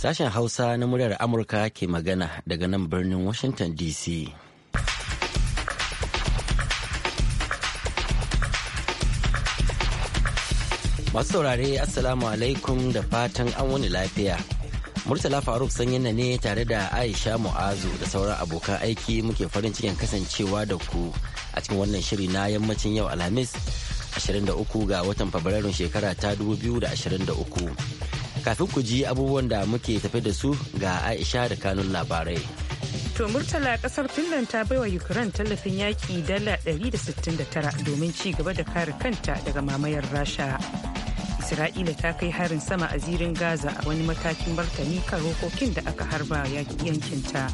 Sashen Hausa na muryar Amurka ke magana daga nan birnin Washington DC. Masu saurare Assalamu alaikum da fatan an wani lafiya. Murtala Faruk yana ne tare da Aisha Mu'azu da sauran abokan aiki muke farin cikin kasancewa da ku a cikin wannan shiri na yammacin yau Alhamis 23 ga watan Fabrairun shekara ta 2023. kafin ku ji abubuwan da muke tafi da su ga aisha da kanun labarai to murtala kasar finland ta baiwa ukraine tallafin yaki dala 169 domin ci gaba da kare kanta daga mamayar rasha isra'ila ta kai harin sama a zirin gaza a wani matakin martani kan rokokin da aka harba ta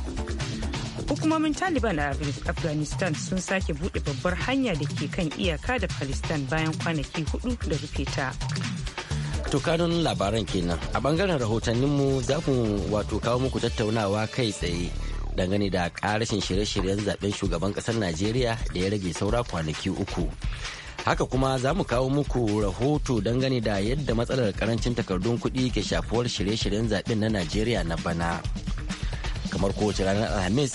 hukumomin taliban a afghanistan sun sake buɗe babbar hanya da ke kan iyaka da pakistan bayan kwanaki hudu da rufe ta To kanun labaran kenan a bangaren rahotanninmu za mu wato kawo muku tattaunawa kai tsaye dangane da karashin shirye-shiryen zaben shugaban kasar Najeriya da ya rage saura kwanaki uku. Haka kuma za mu kawo muku rahoto dangane da yadda matsalar karancin takardun kuɗi ke shafuwar shirye-shiryen zaben na Najeriya na bana. Kamar kowace ranar Alhamis,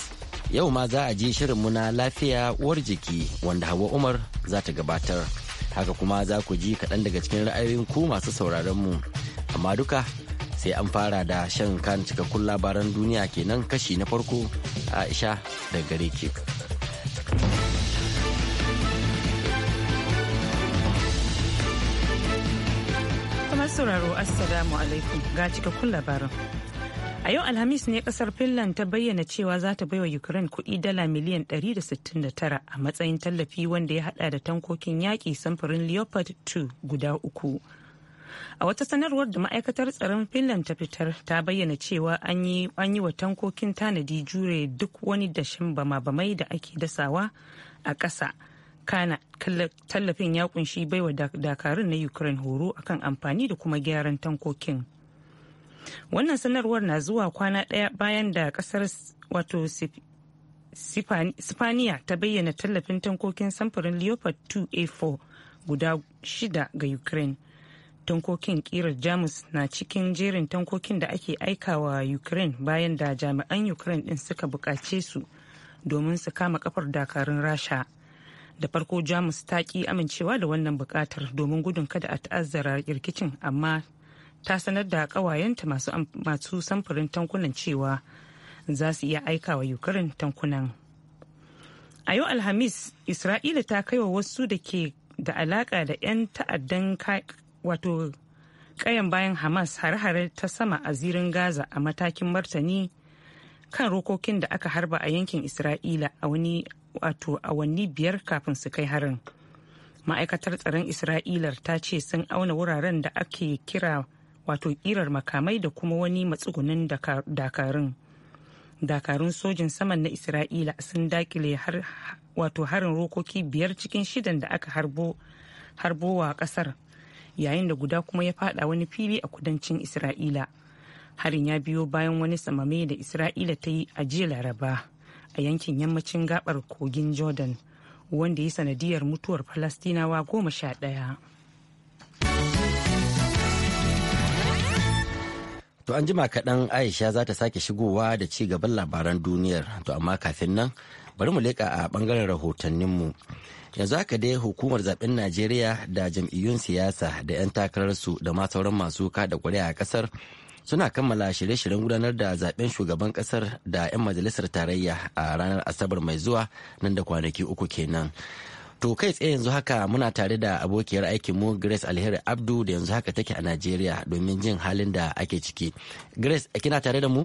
yau ma za a ji shirinmu na lafiya uwar jiki wanda Hawa Umar za ta gabatar. haka kuma za ku ji kaɗan daga cikin ra'ayoyin ku masu sauraron mu amma duka sai an fara da shan kan cikakkun labaran duniya kenan kashi na farko aisha da gare ke sauraro assalamu alaikum ga cikakkun labaran A yau Alhamis ne kasar Finland ta bayyana cewa za ta baiwa Ukraine kuɗi dala miliyan 169 a matsayin tallafi wanda ya hada da tankokin yaƙi samfurin Leopard 2 guda uku. A wata sanarwar da ma'aikatar tsaron Finland ta fitar ta bayyana cewa an yi wa tankokin tanadi jure duk wani dashen bama-bamai da ake dasawa a ƙasa. Kana tallafin ya kunshi baiwa dakarun na Ukraine horo akan amfani da kuma gyaran tankokin. wannan sanarwar na zuwa kwana ɗaya bayan da kasar wato sifaniya ta bayyana tallafin tankokin samfurin leopard 2a4 guda shida ga ukraine tankokin kirar jamus na cikin jerin tankokin da ake aikawa ukraine bayan da jami'an ukraine din suka bukace su domin su kama kafar dakarun rasha da farko jamus ta ki amincewa da wannan bukatar domin gudun kada a ta'azzara rikicin amma ta sanar da kawayenta masu samfurin tankunan cewa za su iya aika wa ukraine tankunan a yau alhamis isra'ila ta kaiwa wasu da ke da alaka da 'yan ta'addan wato kayan bayan hamas har-hare ta sama a zirin gaza a matakin martani kan rokokin da aka harba a yankin isra'ila a wani wato awanni biyar kafin su kai harin ma'aikatar tsaron isra'ilar ta ce sun auna wuraren da ake kira wato kirar makamai da kuma wani matsugunin dakarun dakarun sojin saman na isra'ila sun dakile har wato harin rokoki biyar cikin shidan da aka harbo harbowa kasar yayin da guda kuma ya fada wani fili a kudancin isra'ila harin ya biyo bayan wani samame da isra'ila ta yi a jiya laraba a yankin yammacin gabar kogin jordan wanda ya sanadiyar mutuwar falastinawa goma sha ɗaya. To an jima kaɗan Aisha za ta sake shigowa da ci gaban labaran duniyar. To amma kafin nan bari mu leƙa a ɓangaren rahotanninmu. Yanzu haka dai hukumar zaben Najeriya da jam'iyyun siyasa da 'yan takararsu da ma sauran masu kada ƙuri'a a ƙasar suna kammala shirye-shiryen gudanar da zaben shugaban ƙasar da 'yan majalisar tarayya a ranar Asabar mai zuwa nan da kwanaki uku kenan. To kai tsaye yanzu haka muna tare da abokiyar aikin mu Grace Alheri Abdu da yanzu haka take a Najeriya domin jin halin da ake ciki. Grace kina tare da mu?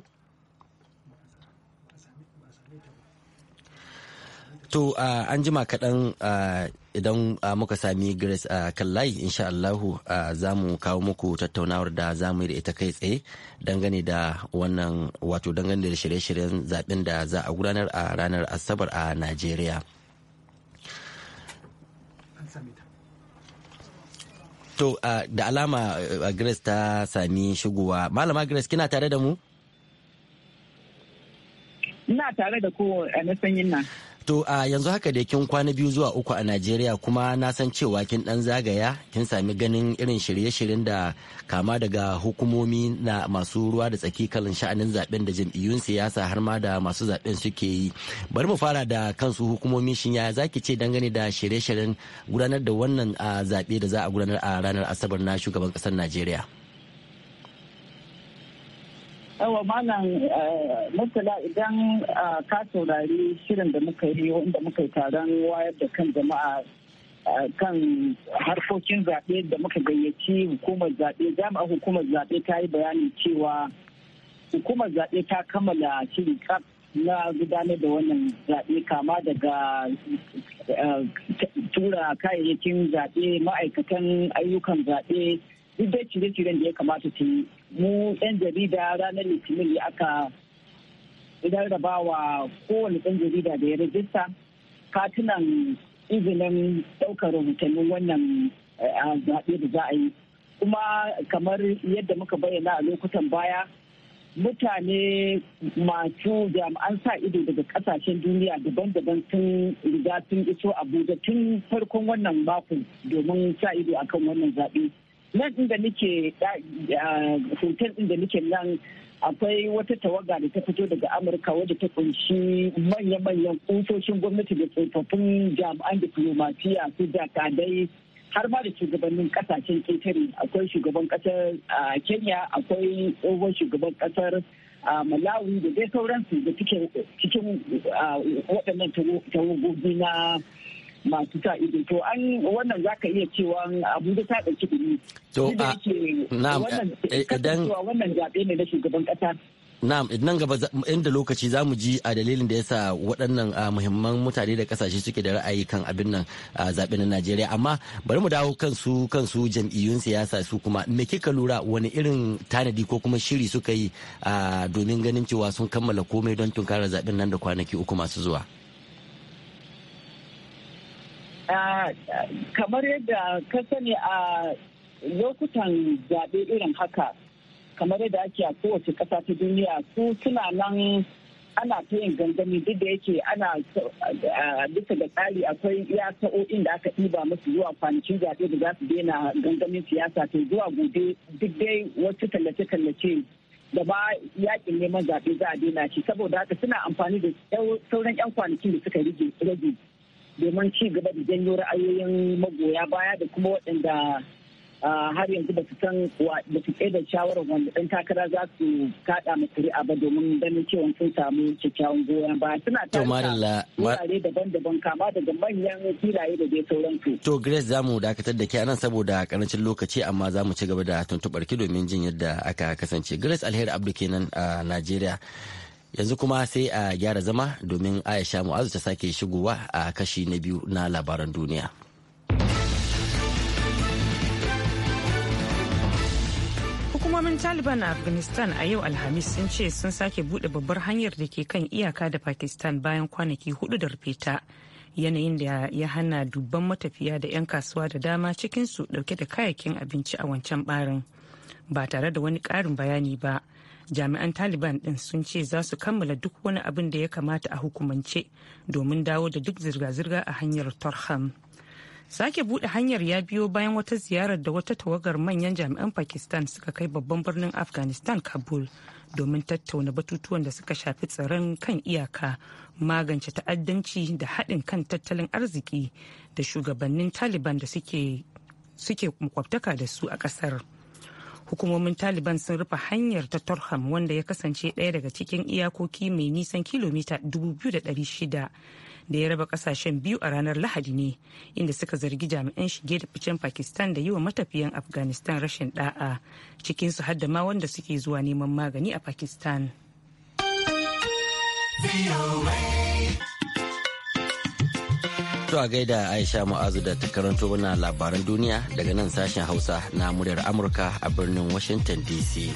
To an jima kaɗan uh, idan muka sami Grace a kan kallai insha Allahu uh, za mu kawo muku tattaunawar da za mu yi da ita kai tsaye dangane da wannan wato dangane da shirye-shiryen zaɓen da za a gudanar a ranar Asabar a Najeriya. To da alama Grace ta sami shigowa. Malama Grace kina tare da mu? Ina tare da ku na sanyin nan. To a yanzu haka da kin kwana biyu zuwa uku a Najeriya kuma na san cewa kin dan zagaya kin sami ganin irin shirye-shiryen da kama daga hukumomi na masu ruwa da tsaki kalan sha'anin zaben da jam'iyyun siyasa har ma da masu zaben suke yi. Bari mu fara da kansu hukumomi shin ya zaki ce dangane da shirye-shiryen gudanar da wannan zaɓe da za a gudanar a ranar Asabar na shugaban ƙasar Najeriya. yawa malam eh, murtala idan ah, ka saurari shirin da muka yi wanda muka yi taron wayar da kan jama'a eh, kan harkokin zaɓe da muka gayyaci hukumar zaɓe jami'a hukumar zaɓe ta yi bayani cewa hukumar zaɓe ta kammala shiri kaf na gudanar da wannan zaɓe kama daga eh, tura kayayyakin zaɓe ma'aikatan ayyukan zaɓe duk dai cire-ciren da ya kamata ta yi mu 'yan jarida ranar litinin ya aka raba wa kowane ɗan jarida da ya rajista katunan izinin ɗaukar rahotannin wannan eh, zaɓe da za a yi kuma kamar yadda muka bayyana a lokutan baya mutane masu jami'an sa ido daga kasashen duniya daban-daban sun riga sun iso abuja tun farkon wannan mako domin sa ido akan wannan zaɓe nan inda nake hotel inda nake nan akwai wata tawaga da ta fito daga amurka wadda ta kunshi manya-manyan kusoshin gwamnati da tsofaffin jami'an diplomatiya su jakadai har ma da shugabannin kasashen ketare akwai shugaban kasar kenya akwai tsohon shugaban kasar malawi da dai sauransu da cikin waɗannan tawagogi na masu sa ido to an wannan za iya cewa abuja ta ɗauki dumi to eh, eh, idan wannan zaɓe ne na shugaban ƙasa Na'am nan gaba inda lokaci za mu ji a dalilin da ya sa waɗannan muhimman mutane da kasashe suke da ra'ayi kan abin nan zaɓe na Najeriya amma bari mu dawo kansu kansu jam'iyyun siyasa su kuma me kika lura wani irin tanadi ko kuma shiri suka yi domin ganin cewa sun kammala komai don tunkarar zaɓen nan da kwanaki uku masu zuwa. kamar yadda ka sani a lokutan zaɓe irin haka kamar yadda ake a kowace ƙasa ta duniya su suna nan ana ta yin gangami duk da yake ana bisa da tsari akwai iya sa'o'in da aka ɗiba musu zuwa kwanakin zaɓe da za su daina gangamin siyasa to zuwa gobe duk dai wasu tallace-tallace da ba yakin neman zaɓe za a daina shi saboda haka suna amfani da sauran 'yan kwanakin da suka rage domin ci gaba da janyo ra'ayoyin magoya baya da kuma waɗanda har yanzu ba su san ba su da shawarar wanda ɗan takara za su kaɗa ma kuri'a ba domin ganin cewa sun samu kyakkyawan goyon ba. suna tara wurare daban-daban kama daga manyan filaye da dai sauransu. To Grace za mu dakatar da ke anan saboda karancin lokaci amma za mu ci gaba da tuntuɓar ki domin jin yadda aka kasance. Grace Alheri Abdu kenan a Najeriya. yanzu kuma sai a gyara zama domin aisha mu'azu ta sake shigowa a kashi na biyu na labaran duniya hukumomin taliban a afghanistan a yau alhamis sun ce sun sake bude babbar hanyar da ke kan iyaka da pakistan bayan kwanaki hudu da rufeta yanayin da ya hana dubban matafiya da 'yan kasuwa da dama cikinsu dauke da kayakin abinci a wancan barin ba tare da wani karin bayani ba jami'an taliban ɗin sun ce za su kammala duk wani abin da ya kamata a hukumance domin dawo da duk zirga-zirga a hanyar torham sake buɗe hanyar ya biyo bayan wata ziyarar da wata tawagar manyan jami'an pakistan suka kai babban birnin afghanistan kabul domin tattauna batutuwan da suka shafi tsaron kan iyaka magance ta'addanci da haɗin kan tattalin arziki da shugabannin taliban da suke makwabtaka da su a ƙasar. hukumomin taliban sun rufe hanyar ta torham wanda ya kasance ɗaya daga cikin iyakoki mai nisan kilomita 2,600 da ya raba kasashen biyu a ranar lahadi ne inda suka zargi jami'an shige da ficen pakistan da yi wa matafiyan afghanistan rashin da'a cikinsu har da ma wanda suke zuwa neman magani a pakistan. To a gaida Aisha Mu'azu da ta karanto mana labaran duniya daga nan sashen Hausa na muryar Amurka a birnin Washington DC.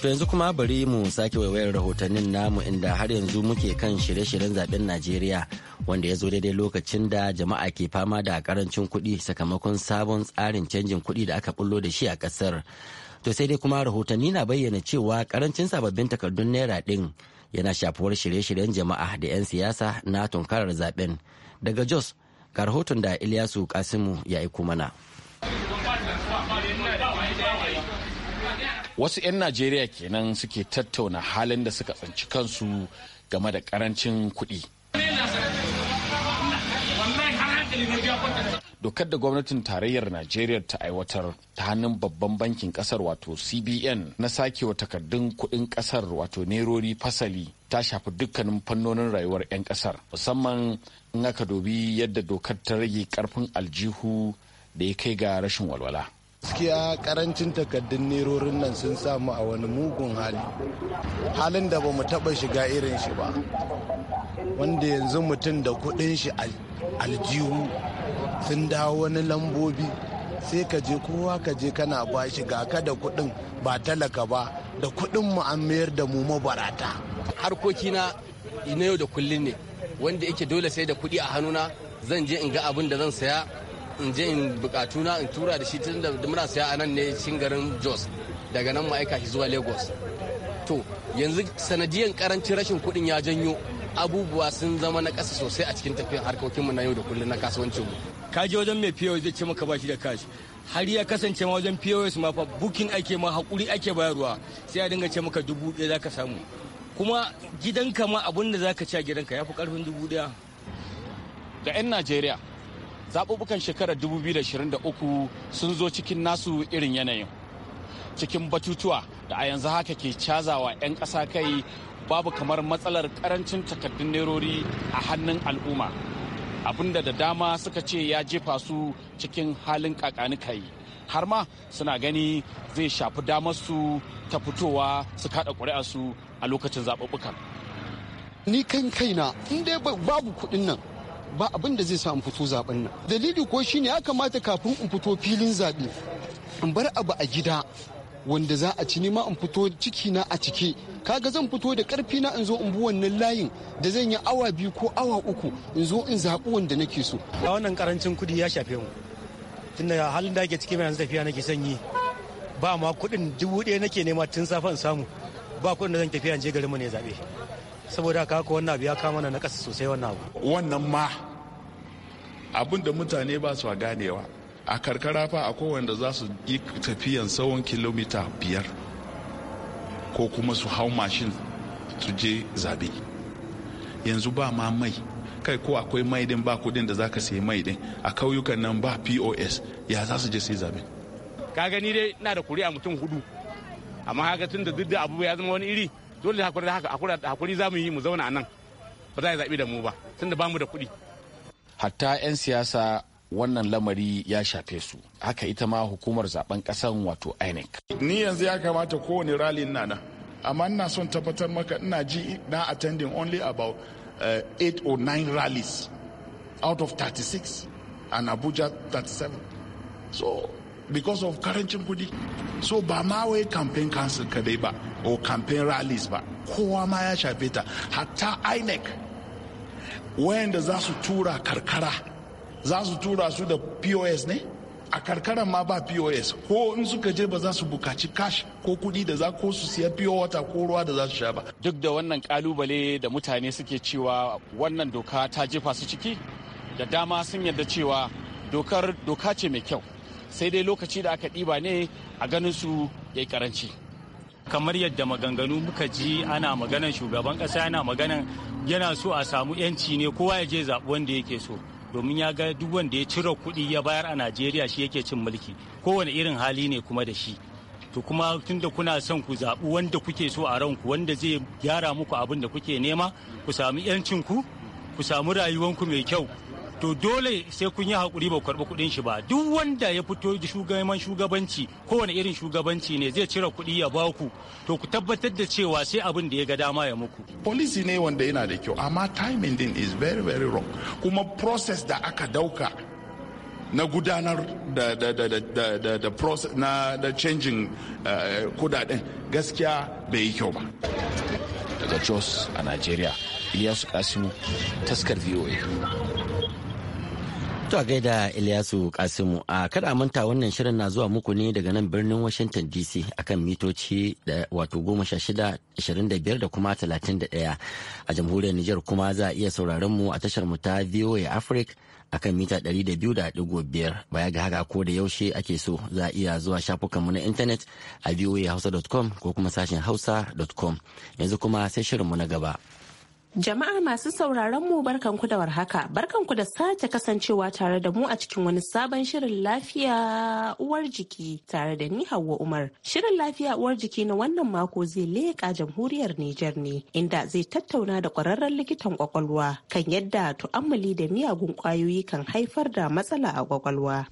To yanzu kuma bari mu sake waiwayar rahotannin namu inda har yanzu muke kan shirye-shiryen zaben Najeriya wanda ya zo daidai lokacin da jama'a ke fama da karancin kuɗi sakamakon sabon tsarin canjin kuɗi da aka bullo da shi a ƙasar. to sai dai kuma rahotanni na bayyana cewa karancin sababbin takardun naira din yana shafuwar shirye-shiryen jama'a da 'yan siyasa na tunkarar zaben daga jos ga rahoton da ilyasu kasimu ya aiko mana wasu 'yan najeriya kenan suke tattauna halin da suka tsanci kansu game da karancin kuɗi dokar da gwamnatin tarayyar najeriya ta aiwatar ta hannun babban bankin kasar wato cbn na sakewa takardun kuɗin kasar wato nerori fasali ta shafi dukkanin fannonin rayuwar 'yan kasar musamman in aka dobi yadda dokar ta rage karfin aljihu da ya kai ga rashin walwala gaskiya karancin takardun nerorin nan sun samu a wani mugun hali halin da ba mu taba shiga irin shi ba wanda yanzu mutum da kudin shi aljihu sun dawo wani lambobi sai ka je kowa ka je kana bashi ga ka da kuɗin ba talaka ba da kuɗin mu an mayar da mu mabarata harkokina na yau da kullun ne wanda yake dole sai da kuɗi a hannuna zan je in ga abin da zan saya in je in bukatuna in tura da shi tun da muna saya a nan ne cikin garin jos daga nan ma'aika shi zuwa lagos to yanzu sanadiyan karancin rashin kuɗin ya janyo abubuwa sun zama na kasa sosai a cikin tafiyan harkokinmu na yau da kullum na kasuwancinmu ka je wajen mai POS zai ce maka bashi da cash har ya kasance ma wajen POS ma fa bukin ake ma hakuri ake bayarwa sai a dinga ce maka dubu ɗaya zaka samu kuma gidanka ma abin da zaka ci a gidanka ya fi karfin dubu ɗaya da 'yan Najeriya zaɓuɓɓukan shekarar 2023 sun zo cikin nasu irin yanayin cikin batutuwa da a yanzu haka ke cazawa 'yan ƙasa kai babu kamar matsalar karancin takardun nerori a hannun al'umma abinda da dama suka ce ya jefa su cikin halin kakanikai har ma suna gani zai shafi damar su ta fitowa su kada su a lokacin zaɓuɓɓukan. ni kan kaina in dai babu kuɗin nan ba abin da zai sa in fito zaɓen nan dalili ko shine ya kamata kafin in fito filin zaɓe in bar abu a gida wanda za a ci nima in fito ciki na a cike kaga zan fito da karfi na in zo in bi wannan layin da zan yi awa biyu ko awa uku in zo in zaɓi wanda nake so a wannan karancin kudi ya shafe mu tunda halin da ake ciki mai yanzu tafiya nake sanyi ba ma kuɗin dubu ɗaya nake nema tun safa in samu ba kuɗin da zan tafiya in je garin mu ne zaɓe saboda haka ko wannan abu ya kama na ƙasa sosai wannan abu wannan ma abin da mutane ba su ganewa a karkara fa a kowanda za su yi tafiyan tsawon kilomita biyar ko kuma su hau mashin su je zabe yanzu ba ma mai kai ko akwai mai din ba kudin da ka sayi mai din a kauyukan nan ba pos ya za su je sai zabe ka gani dai ina da kuri a mutum hudu amma haka tun da duk da abu ya zama wani iri dole hakuri da haka hakuri za mu yi mu zauna a nan ba za a zaɓi da mu ba tun da ba mu da kuɗi. hatta 'yan siyasa wannan lamari ya shafe su haka ita ma hukumar zaben kasan wato inec ni yanzu ya kamata kowane rally na nan amma ina son tabbatar maka ina ji na attending only about uh, eh, 8 or 9 rallies out of 36 and abuja 37 so because of karancin kudi so ba ma wai campaign council kadai ba or campaign rallies ba kowa ma ya shafe ta hatta inec wayanda za su tura karkara za su tura su da pos ne a karkaran ma ba pos ko in suka je ba za su bukaci cash ko kudi da za ko su siya pure water ko ruwa da za su sha ba duk da wannan kalubale da mutane suke cewa wannan doka ta jefa su ciki da dama sun yarda cewa dokar doka ce mai kyau sai dai lokaci da aka ɗiba ne a ganin su ya karanci kamar yadda maganganu muka ji ana maganan shugaban ƙasa yana maganan yana so a samu 'yanci ne kowa ya je zaɓi wanda yake so domin ya ga duk wanda ya cire kuɗi ya bayar a najeriya shi yake cin mulki kowane irin hali ne kuma da shi to kuma tunda kuna son ku zaɓi wanda kuke so a ranku wanda zai gyara muku abin da kuke nema ku sami 'yancinku ku samu rayuwanku mai kyau to dole sai kun yi hakuri ba karɓi kuɗin shi ba duk wanda ya fito shugaban shugabanci kowane irin shugabanci ne zai cire kuɗi ya ba ku to ku tabbatar da cewa sai abin da ya ga dama ya muku policy ne wanda yana da kyau amma timing din is very very wrong kuma process da aka dauka na gudanar da da da da da da process na da changing eh, kudaden gaskiya bai yi kyau ba daga jos a nigeria iyasu kasimu taskar voa To a gaida Ilyasu Kasimu a kada manta wannan shirin na zuwa muku ne daga nan birnin Washington DC akan mitoci da wato goma sha shida ashirin da biyar da kuma talatin da ɗaya a jamhuriyar Nijar kuma za a iya sauraron mu a tashar mu ta VOA Africa akan mita ɗari da biyu da ɗigo biyar baya ga haka ko da yaushe ake so za a iya zuwa shafukan mu na intanet a voahausa.com ko kuma sashen hausa.com yanzu kuma sai shirin mu na gaba. Jama'a masu sauraron mu barkanku da warhaka, barkanku da sake kasancewa tare da mu a cikin wani sabon shirin lafiya uwar jiki tare da ni Hauwa Umar. Shirin lafiya uwar jiki na wannan mako zai leƙa jamhuriyar Nijar ne, inda zai tattauna da ƙwararren likitan ƙwaƙwalwa kan yadda tu'ammali da miyagun ƙwayoyi kan haifar da matsala a kwakwalwa.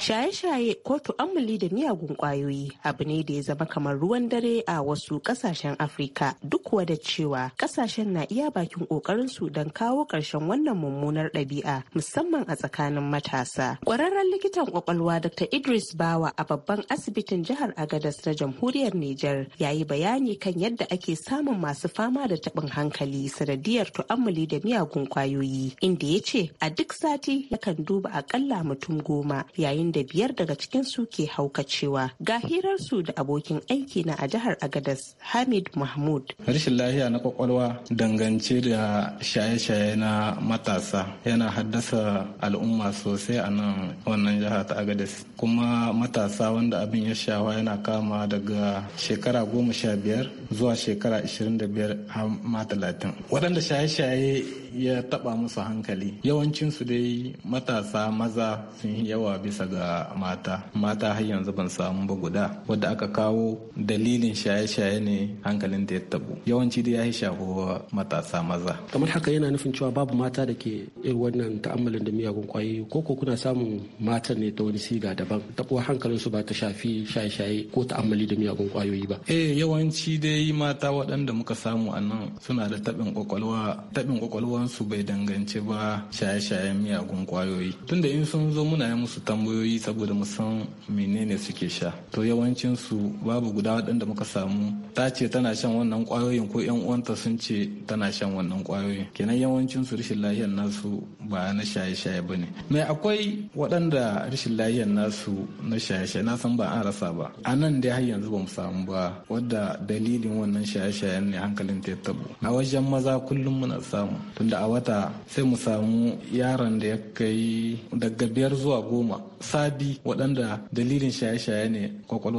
Shaye-shaye ko tu'ammali da miyagun kwayoyi abu ne da ya zama kamar ruwan dare a wasu kasashen Afirka duk da cewa kasashen na iya bakin su don kawo ƙarshen wannan mummunar ɗabi'a musamman a tsakanin matasa. Kwararren likitan kwakwalwa Dr. Idris Bawa a babban asibitin jihar Agadas na jamhuriyar Nijar ya yi bayani kan yadda ake samun masu fama da taɓin hankali sanadiyar tu'ammali da miyagun kwayoyi inda ya ce a duk sati yakan duba akalla mutum goma yayin da biyar daga cikin su ke haukacewa. Ga hirarsu da abokin aiki na a jihar Agadas Hamid Mahmud. Rashin lafiya na kwakwalwa dangance da shaye-shaye na matasa yana haddasa al'umma sosai a nan wannan jihar ta Agadas. Kuma matasa wanda abin ya shawa yana kama daga shekara goma sha biyar zuwa shekara ashirin da biyar har ma talatin. Waɗanda shaye-shaye ya taba musu hankali yawancinsu dai matasa maza sun yawa bisa ga mata mata har yanzu ban samu ba guda wadda aka kawo dalilin shaye-shaye ne hankalin da ya tabo yawanci dai ya yi shafuwa matasa maza kamar haka yana nufin cewa babu mata da ke irin wannan ta'ammalin da miyagun kwayoyi ko ko kuna samun matan ne ta wani siga daban tabuwar hankalinsu ba ta shafi shaye-shaye ko ta'ammali da miyagun kwayoyi ba eh yawanci dai mata waɗanda muka samu a nan suna da taɓin kwakwalwa taɓin kwakwalwa su bai danganci ba shaye-shayen miyagun kwayoyi tunda in sun zo muna yi musu tambayoyi saboda mu san menene suke sha to yawancin su babu guda waɗanda muka samu ta ce tana shan wannan kwayoyin ko yan uwanta sun ce tana shan wannan kwayoyin kenan yawancin su rashin lafiyar nasu ba na shaye-shaye bane mai akwai waɗanda rashin lafiyar nasu na shaye-shaye na san ba an rasa ba a nan dai har yanzu ba mu samu ba wadda dalilin wannan shaye-shayen ne hankalin ta ya tabo a wajen maza kullum muna samu tun da a wata sai mu samu yaron da ya kai daga biyar zuwa goma sabi waɗanda dalilin shaye-shaye ne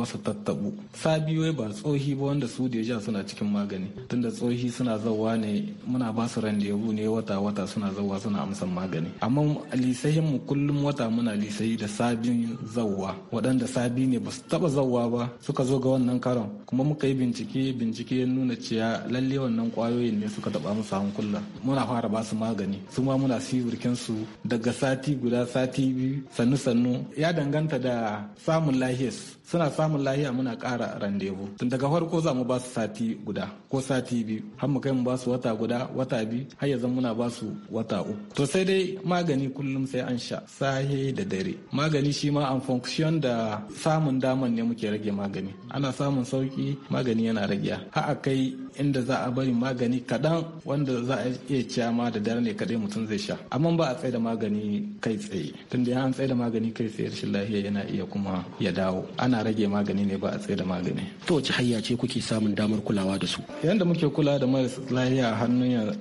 su tattabu sabi wai ba tsohi ba wanda su deja suna cikin magani tunda tsohi suna zawa ne muna ba su randevu ne wata-wata suna zawa suna amsa magani amma lisahin mu kullum wata muna lisayi da sabin zawa waɗanda sabi ne ba su taɓa zawa ba suka zo ga wannan karon kuma muka yi bincike bincike nuna cewa lalle wannan kwayoyin ne suka taɓa musu hankula muna fara fara ba su magani su ma muna siyurkin su daga sati guda sati biyu sannu sannu ya danganta da samun lahiyas suna samun lahiya muna ƙara randevu tun daga farko za mu ba su sati guda ko sati biyu har mu kai mu ba su wata guda wata biyu har yanzu muna ba su wata uku to sai dai magani kullum sai an sha sahe da dare magani shi ma an function da samun daman ne muke rage magani ana samun sauki magani yana rage har a kai inda za a bari magani kaɗan wanda za a iya ciya ma da dare ne kaɗai mutum zai sha amma ba a tsaye da magani kai tsaye tun ya an tsaye da magani kai tsaye rashin lahiya yana iya kuma ya dawo ana rage magani ne ba a tsaye da magani to wace hanya ce kuke samun damar kulawa da su yanda muke kula da marasa lahiya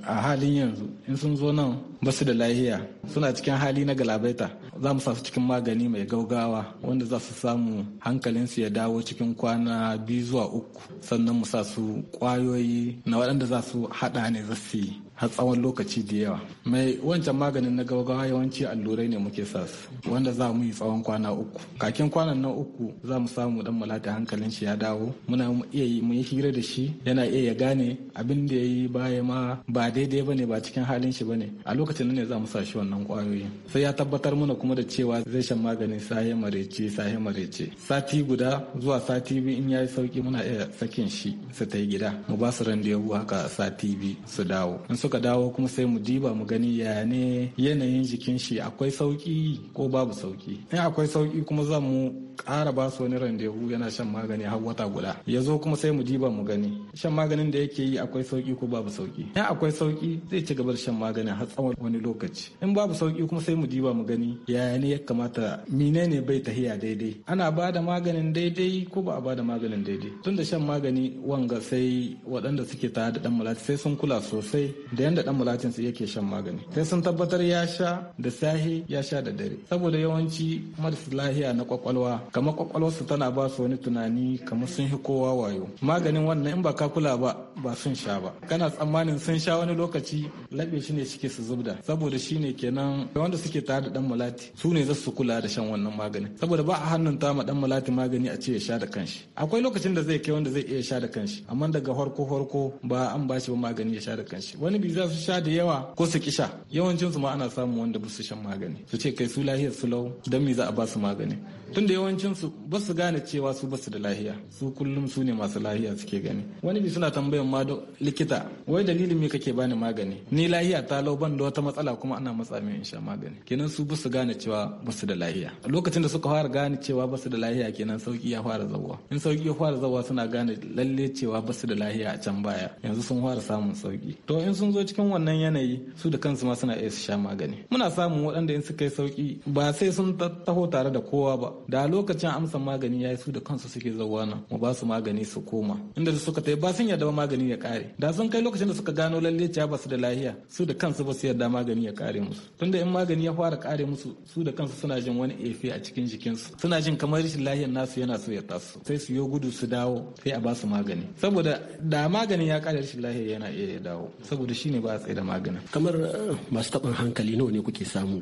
a halin yanzu in sun zo nan ba su da lahiya suna cikin hali na galabaita za mu sa su cikin magani mai gaugawa wanda za su samu hankalinsu ya dawo cikin kwana biyu zuwa uku sannan mu sa su kwayoyi na waɗanda za su haɗa ne za su yi har tsawon lokaci da yawa mai wancan maganin na gaugawa yawanci allurai ne muke sa su wanda za mu yi tsawon kwana uku kakin kwanan nan uku za mu samu dan malata hankalin shi ya dawo muna iya yi mu yi hira da shi yana iya ya gane abin da ya yi baya ma ba daidai bane ba cikin halin shi bane a lokacin nan ne za mu sa shi wannan kwayoyi sai ya tabbatar mana kuma da cewa zai shan maganin sahe marece sahe marece sati guda zuwa sati biyu in ya yi sauki muna iya sakin shi su ta yi gida mu ba su randewu haka sati biyu su dawo in suka dawo kuma sai mu diba mu gani ya ne yanayin jikin shi akwai sauki ko babu sauki in akwai sauki kuma za mu ƙara ba su wani randewu yana shan magani har wata guda ya zo kuma sai mu diba mu gani shan maganin da yake yi akwai sauki ko babu sauki in akwai sauki zai ci gaba da shan maganin har tsawon wani lokaci in babu sauki kuma sai mu diba mu gani yaya ne ya kamata menene bai tahiya daidai ana ba da maganin daidai ko ba a ba da maganin daidai tun da shan magani wanga sai waɗanda suke ta da dan mulati sai sun kula sosai da yanda dan mulatin su yake shan magani sai sun tabbatar ya sha da sahi ya sha da dare saboda yawanci marasa lahiya na kwakwalwa kamar kwakwalwarsu tana ba su wani tunani kamar sun yi kowa wayo maganin wannan in ba ka kula ba ba sun sha ba kana tsammanin sun sha wani lokaci laɓe shi ne suke su zubda saboda shi ne kenan wanda suke tare da dan mulati su ne za su kula da shan wannan maganin saboda ba a hannun ta ma dan mulati magani a ce ya sha da kanshi akwai lokacin da zai kai wanda zai iya sha da kanshi amma daga farko farko ba an ba shi ba magani ya sha da kanshi wani bi za su sha da yawa ko su kisha sha yawancin su ma ana samun wanda ba su shan magani su ce kai su lahiyar su lau dan me za a ba su magani tun da yawancin su ba su gane cewa su ba su da lahiya su kullum su ne masu lahiya suke gani wani bi suna tambayan ma likita wai dalilin me kake bani magani ni lahiya ta lau ban da wata matsala kuma ana matsa min in sha magani kenan su ba su gane cewa ba su da lahiya lokacin da suka fara gane cewa ba su da lahiya kenan sauki ya fara zawa in sauki ya fara zawa suna gane lalle cewa ba su da lahiya a can baya yanzu sun fara samun sauki to in sun zo cikin wannan yanayi su da kansu ma suna iya su sha magani muna samun waɗanda in suka yi sauki ba sai sun taho tare da kowa ba da lokacin amsa magani ya yi su da kansu suke zauwa nan mu ba su magani su koma inda suka tai ba sun yarda ba magani ya kare da sun kai lokacin da suka gano lalle ya ba su da lahiya su da kansu ba su yarda magani ya kare musu tunda in magani ya fara kare musu su da kansu suna jin wani efe a cikin jikinsu suna jin kamar rashin lahiyar nasu yana so ya tasu sai su yo gudu su dawo sai a ba su magani saboda da magani ya kare rashin lahiyar yana iya ya dawo saboda shine ba a tsaye da maganin kamar eh, masu taɓin hankali nawa ne kuke samu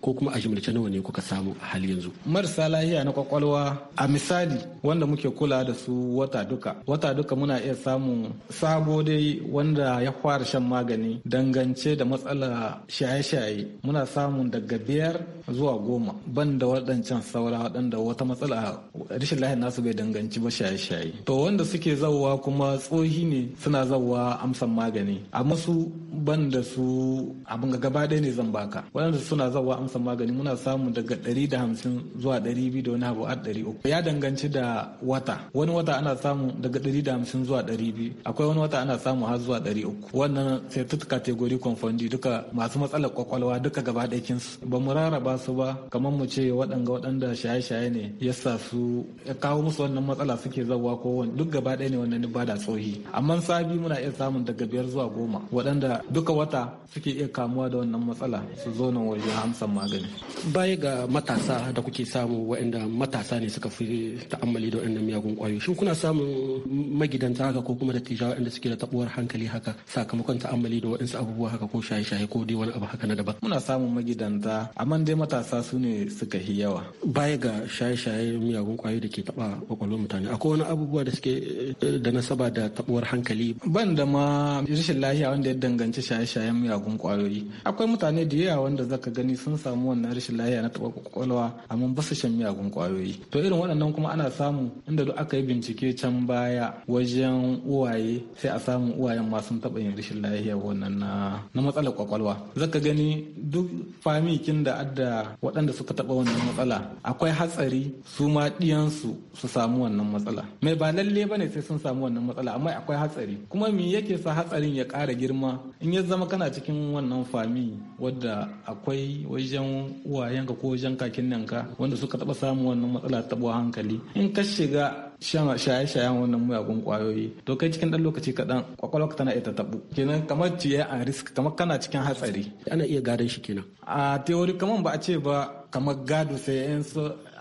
ko kuma a nawa ne kuka samu a hali yanzu marasa lahiya na kwakwalwa a misali wanda muke kula da su wata duka wata duka muna iya samun sabo dai wanda ya fara shan magani dangance da matsala shaye-shaye muna samun daga biyar zuwa goma ban da waɗancan saura waɗanda wata matsala rashin lahiya nasu bai danganci ba shaye-shaye to wanda suke zawowa kuma tsohi ne suna zawowa amsan magani a su ban da su abin gaba ɗaya ne zan baka waɗanda suna zawowa amsan magani muna samun daga ɗari da hamsin zuwa ɗari biyu da wani abu a ɗari uku ya danganci da wata wani wata ana samu daga ɗari da hamsin zuwa ɗari biyu akwai wani wata ana samu har zuwa ɗari uku wannan sai kategori konfondi duka masu matsalar kwakwalwa duka gaba ɗakin su ba mu rarraba su ba kamar mu ce waɗanga waɗanda shaye-shaye ne sa su ya kawo musu wannan matsala suke zawa ko wani duk gaba ɗaya ne wannan ba da tsohi amma sabi muna iya samun daga biyar zuwa goma waɗanda duka wata suke iya kamuwa da wannan matsala su zo nan wajen hamsin magani baya ga matasa da kuke samu waɗanda matasa ne suka fi ta'ammali da waɗannan miyagun kwayo shin kuna samun magidanta haka ko kuma da tijawa waɗanda suke da tabuwar hankali haka sakamakon ta'ammali da waɗansu abubuwa haka ko shaye-shaye ko dai wani abu haka na daban muna samun magidanta amma dai matasa su ne suka yi yawa baya ga shaye-shaye miyagun kwayo da ke taba kwakwalwar mutane akwai wani abubuwa da suke eh, da nasaba da tabuwar hankali ban da ma rashin lafiya wanda ya danganci shaye-shayen miyagun kwayoyi akwai mutane da yawa wanda zaka gani sun samu wannan rashin lafiya na taba kwakwalwa amma ba su shan miyagun kwayoyi to irin waɗannan kuma ana samu inda duk aka yi bincike can baya wajen uwaye sai a samu uwayen ma sun taɓa yin rashin lafiya wannan na na matsalar kwakwalwa zaka gani duk famikin da adda waɗanda suka taɓa wannan matsala akwai hatsari su ma ɗiyansu su samu wannan matsala mai ba lalle bane sai sun samu wannan matsala amma akwai hatsari kuma me yake sa hatsarin ya ƙara girma in ya zama kana cikin wannan fami wadda akwai wajen uwayenka ko wajen kakin nan ka wanda suka taɓa taba samun wannan matsala taɓa hankali in ka shiga shaye-shayen wannan muyagun kwayoyi to kai cikin dan lokaci kaɗan kwakwalwarka tana iya tabu. kenan kamar ciye a risk kamar kana cikin hatsari ana iya gadon shi kenan a teori kamar ba a ce ba kamar gado sai yan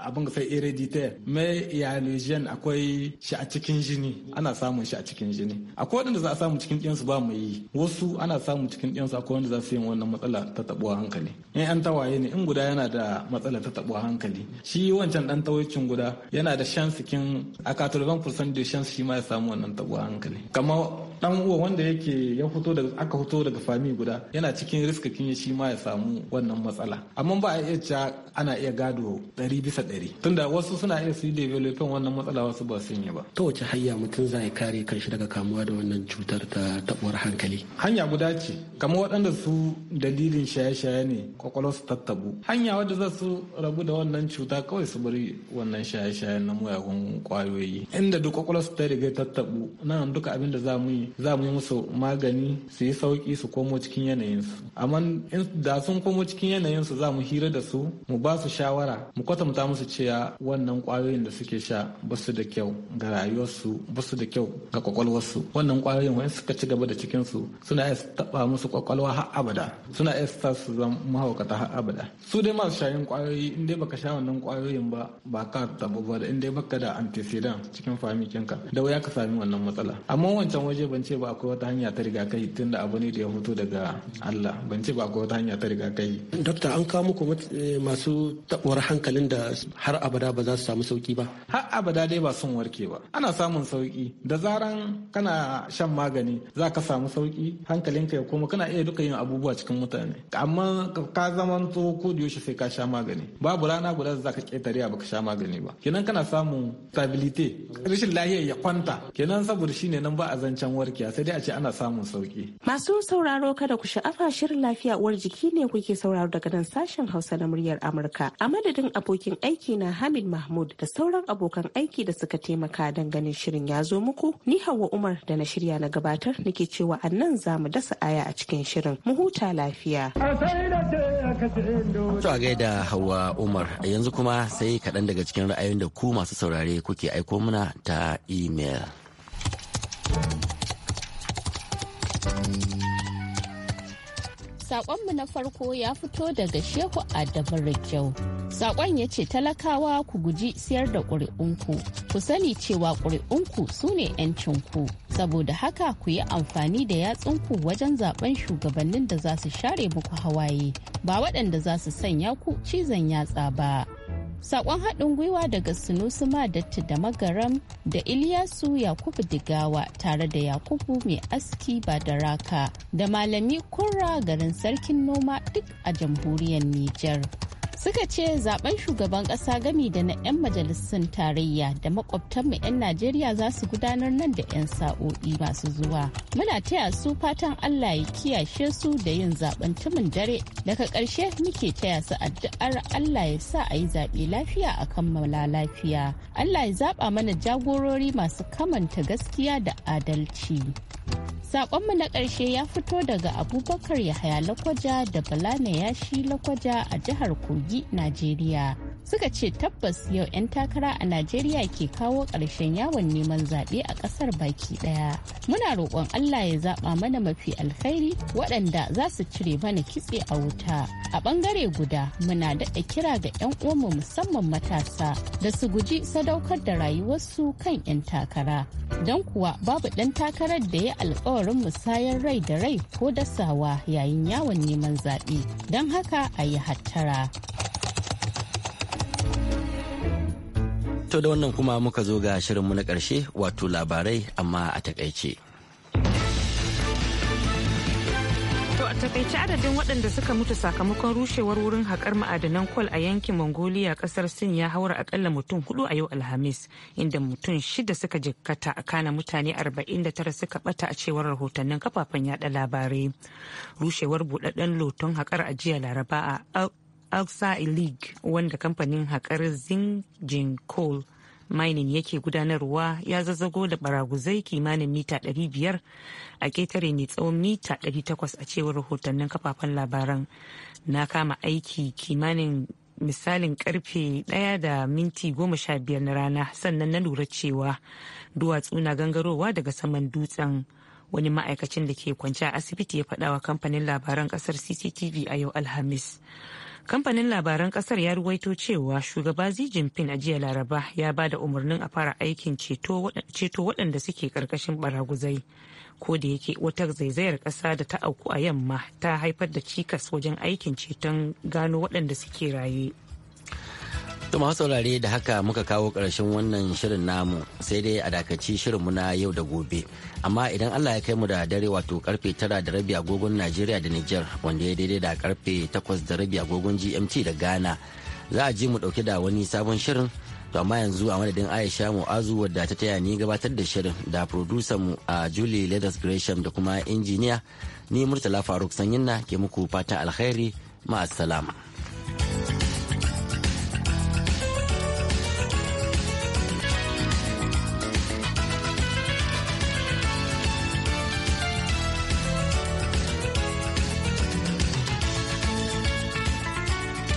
abin sai hereditaire mai iyalogen akwai shi a cikin jini ana samun shi a cikin jini akwai wanda za a samu cikin ɗiyansu ba mu yi wasu ana samu cikin ɗiyansu akwai wanda za su yi wannan matsala ta taɓuwa hankali in an tawaye ne in guda yana da matsala ta taɓuwa hankali shi wancan ɗan tawayicin guda yana da shansikin a 80% da shan shi ma ya samu wannan taɓuwa hankali kamar dan uwa wanda yake ya fito daga aka fito daga fami guda yana cikin riskakin ya shi ma ya samu wannan matsala amma ba a iya ana iya gado bisa ɗari tunda wasu suna iya su yi wannan matsala wasu ba sun yi ba ta wace hanya mutum za ya kare kanshi daga kamuwa da wannan cutar ta tabuwar hankali hanya guda ce kamar waɗanda su dalilin shaye-shaye ne kwakwalwar su tattabu hanya wadda za su rabu da wannan cuta kawai su bari wannan shaye-shayen na muyagun kwayoyi inda duk kwakwalwar su ta riga tattabu nan duka abin da za mu yi za yi musu magani su yi sauki su komo cikin yanayinsu amma da sun komo cikin yanayinsu za mu hira da su mu ba su shawara mu kwatanta musu su cewa wannan kwayoyin da suke sha ba su da kyau ga rayuwarsu ba su da kyau ga kwakwalwarsu wannan kwayoyin wani suka ci gaba da cikinsu suna iya taba musu kwakwalwa har abada suna iya sa su zama mahaukata har abada su dai masu shayin kwayoyi in dai baka sha wannan kwayoyin ba ba ka taba ba in dai baka da antecedent cikin famikinka da wuya ka sami wannan matsala amma wancan waje ban ce ba akwai wata hanya ta rigakafi tunda abu ne da ya fito daga Allah ban ce ba akwai wata hanya ta rigakafi dokta an kawo muku eh, masu tabuwar hankalin da har abada ba za su samu sauki ba har abada dai ba sun warke ba ana samun sauki da zaran kana shan magani za ka samu sauki hankalinka ya koma kana iya duka yin abubuwa cikin mutane amma ka zama to ko da yaushe sai ka sha magani babu rana guda za ka ketare ba ka sha magani ba kenan kana samun stability rashin lahiya ya kwanta kenan saboda shine nan ba a zancen warke sai dai a ce ana samun sauki masu sauraro kada ku sha'afa shirin lafiya uwar jiki ne kuke sauraro daga nan sashen Hausa na muryar Amurka a madadin abokin aiki aiki na Hamid Mahmud da sauran abokan aiki da suka taimaka don ganin shirin ya zo muku. Ni Hauwa Umar da na shirya na gabatar nake cewa a nan za mu dasa aya a cikin shirin. Mu huta lafiya. To a gaida Hauwa Umar a yanzu kuma sai kaɗan daga cikin ra'ayoyin da ku masu saurare kuke aiko mana ta email. saƙonmu na farko ya fito daga Shehu Adamu Rijau. Saƙon ya ce talakawa ku guji siyar da ƙuri'unku, ku sani cewa ƙuri'unku su ne 'yancinku. Saboda haka ku yi amfani da yatsunku wajen zaɓen shugabannin da za su share muku hawaye, ba waɗanda za su sanya ku cizon yatsa ba. Sakon haɗin gwiwa daga Sunusu Madatti da Magaram da Iliyasu Yakubu Digawa tare da Yakubu Mai Aski ba da raka da Malami Kurra garin Sarkin Noma duk a jamhuriyar Nijar. suka ce zaben shugaban kasa gami da na 'yan majalisun tarayya da mu 'yan najeriya za su gudanar nan da 'yan sa'o'i masu zuwa muna taya su fatan allah ya kiyashe su da yin zaben tumin dare daga ƙarshe muke taya su addu'ar allah ya sa a yi zaɓe lafiya a kammala lafiya allah ya zaɓa mana jagorori masu kamanta gaskiya da adalci Sakonmu na ƙarshe ya fito daga Abubakar Yahaya Lakwaja da Bala Yashi Lakwaja a jihar Kogi, Najeriya. suka ce tabbas yau 'yan takara a najeriya ke kawo ƙarshen yawon neman zaɓe a ƙasar baki ɗaya muna roƙon allah ya zaɓa mana mafi alkhairi waɗanda za su cire mana kitse a wuta a ɓangare guda muna daɗa kira ga 'yan uwanmu musamman matasa da su guji sadaukar da rayuwarsu kan 'yan takara don kuwa babu ɗan takarar da ya alkawarin musayar rai da rai ko dasawa yayin yawon neman zaɓe don haka a yi hattara To da wannan kuma muka zo ga shirinmu na ƙarshe wato labarai amma a takaice. To a takaice adadin waɗanda suka mutu sakamakon rushewar wurin haƙar ma'adanan kwal a yankin Mongolia ƙasar Sin ya haura aƙalla mutum hudu a yau Alhamis inda mutum shida suka jikkata a kana mutane arba'in da tara suka bata a cewar rahotannin kafafen yada labarai. Rushewar buɗaɗɗen loton haƙar a jiya Laraba a alsa league wanda kamfanin haƙar zinjin coal mining yake gudanarwa ya zazzago da baraguzai kimanin mita 500 a ƙetare mai tsawon mita 800 a cewar rahotannin kafafen labaran na kama aiki kimanin misalin karfe ɗaya da minti goma sha biyar na rana sannan na lura cewa duwatsu na gangarowa daga saman dutsen wani ma'aikacin da ke kwance a asibiti ya faɗawa kamfanin labaran ƙasar cctv a yau alhamis kamfanin labaran kasar ya ruwaito cewa shugaba xi jinping a jiya laraba ya ba da umarnin a fara aikin ceto waɗanda suke ƙarƙashin baraguzai ko da yake wata zaizayar ƙasa da ta auku a yamma ta haifar da cikas wajen aikin ceton gano waɗanda suke raye. Tuma saurare da haka muka kawo ƙarshen wannan shirin namu sai dai a dakaci shirin na yau da gobe. Amma idan Allah ya kai mu da dare wato karfe tara da rabi agogon Najeriya da Nijar wanda ya daidai da karfe takwas da rabi agogon GMT da Ghana za a ji mu dauke da wani sabon shirin to amma yanzu a madadin Aisha Mu'azu wadda ta taya ni gabatar da shirin da producer mu a Julie Leathers Gresham da kuma injiniya ni Murtala Faruk Sanyinna ke muku fatan alkhairi ma'assalam.